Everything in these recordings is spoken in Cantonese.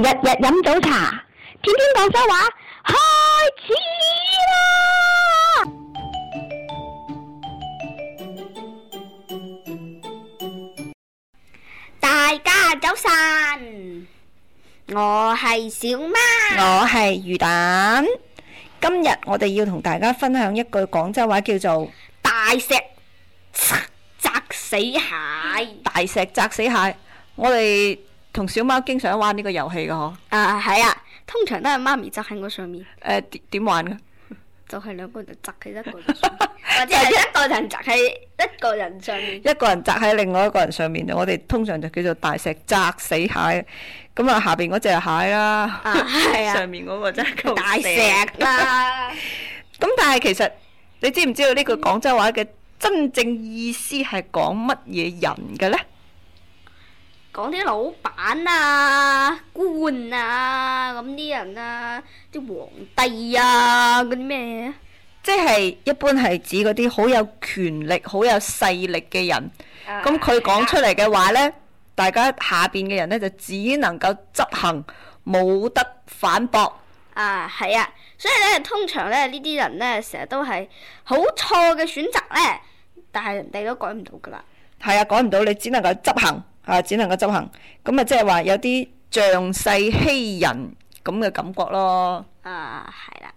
日日飲早茶，天天廣州話，開始啦！大家早晨，我係小媽，我係魚蛋。今日我哋要同大家分享一句廣州話，叫做大石砸死蟹。大石砸死蟹，我哋。同小貓經常玩呢個遊戲嘅嗬。啊，係啊，通常都係媽咪擲喺我上面。誒、呃、點，點玩嘅？就係兩個人就擲佢一個人，或者一個人擲喺一個人上面。 一個人擲喺另外一個人上面，我哋通常就叫做大石砸死蟹。咁、嗯、啊，下邊嗰隻蟹啦，啊啊、 上面嗰個真係大石啦。咁 但係其實你知唔知道呢句廣州話嘅真正意思係講乜嘢人嘅呢？講啲老闆啊、官啊、咁啲人啊、啲皇帝啊、嗰啲咩？即係一般係指嗰啲好有權力、好有勢力嘅人。咁佢講出嚟嘅話呢，啊、大家下邊嘅人呢就只能夠執行，冇得反駁。啊，係啊，所以咧，通常咧呢啲人呢成日都係好錯嘅選擇呢，但係人哋都改唔到噶啦。係啊，改唔到，你只能夠執行。啊！只能夠執行，咁咪即係話有啲仗勢欺人咁嘅感覺咯。啊，係啦。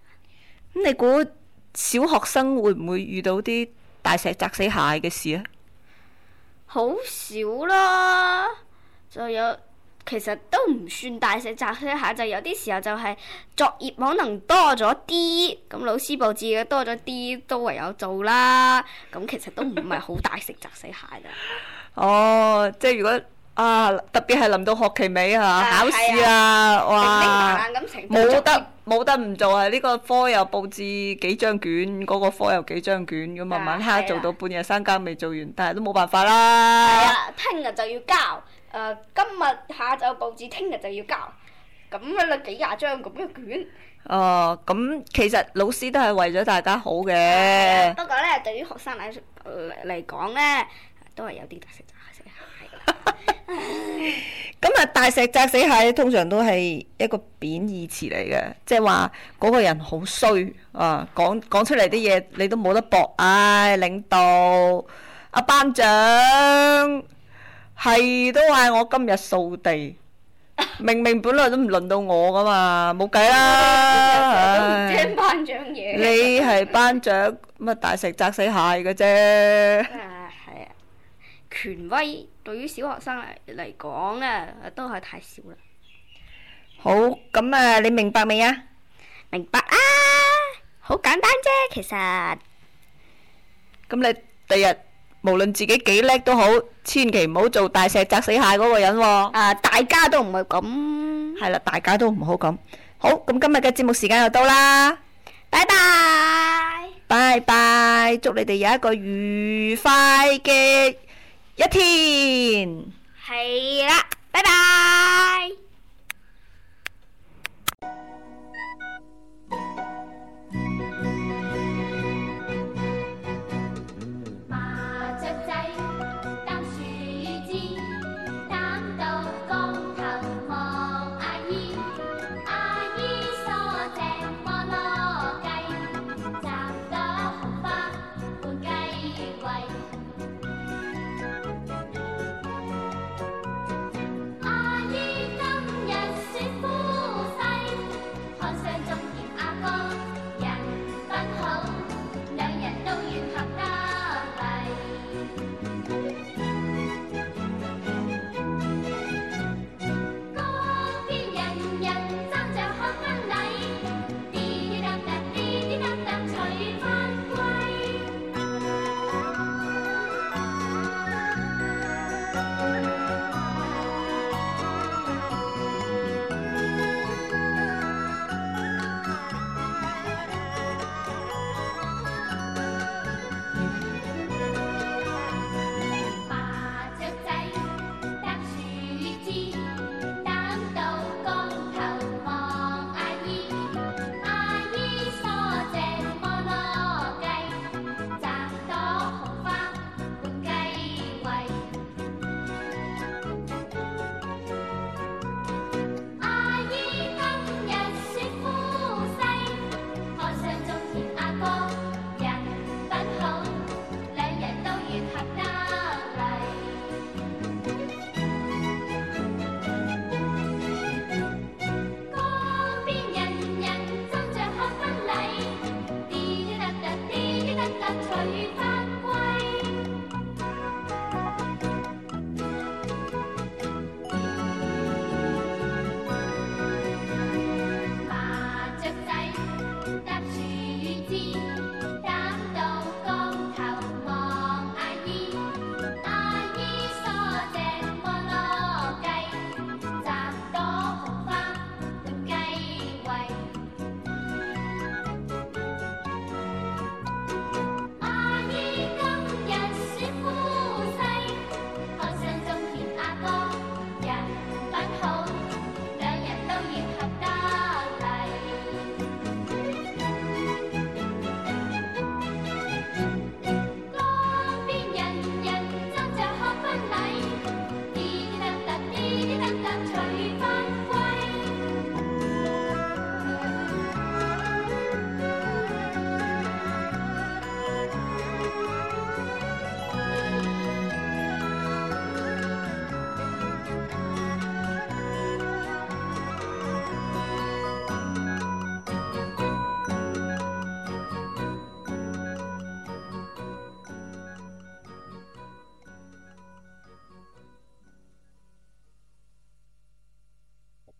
咁你估小學生會唔會遇到啲大石砸死蟹嘅事啊？好少啦，就有。其實都唔算大石砸死蟹，就有啲時候就係作業可能多咗啲，咁老師布置嘅多咗啲，都唯有做啦。咁其實都唔係好大石砸死蟹嘅。 哦，即係如果啊，特別係臨到學期尾嚇、啊啊、考試啦、啊，啊、哇！冇得冇得唔做啊！呢、這個科又布置幾張卷，嗰、那個科又幾張卷咁啊嘛，下做到半夜三更未做完，啊啊、但係都冇辦法啦。係啊，聽日就要交。誒、呃，今日下晝報紙，聽日就要交，咁樣啦，幾廿張咁嘅卷。誒、呃，咁、嗯、其實老師都係為咗大家好嘅、嗯。不過咧，對於學生嚟嚟、呃、講咧，都係有啲大石砸死蟹。咁啊，大石砸死蟹通常都係一個貶義詞嚟嘅，即係話嗰個人好衰啊，講講出嚟啲嘢你都冇得駁。唉、哎，領導，阿、啊、班長。係都係我今日掃地，明明本來都唔輪到我噶嘛，冇計啦！聽班長嘢！你係班長，乜大石砸死蟹嘅啫。係啊，權威對於小學生嚟嚟講啊，都係太少啦。好，咁啊，你明白未啊？明白啊，好簡單啫，其實。咁你第日？無論自己幾叻都好，千祈唔好做大石砸死蟹嗰個人喎、哦。啊，大家都唔係咁，係啦，大家都唔好咁。好，咁今日嘅節目時間又到啦，拜拜 bye，拜拜，祝你哋有一個愉快嘅一天。係啦的，拜拜。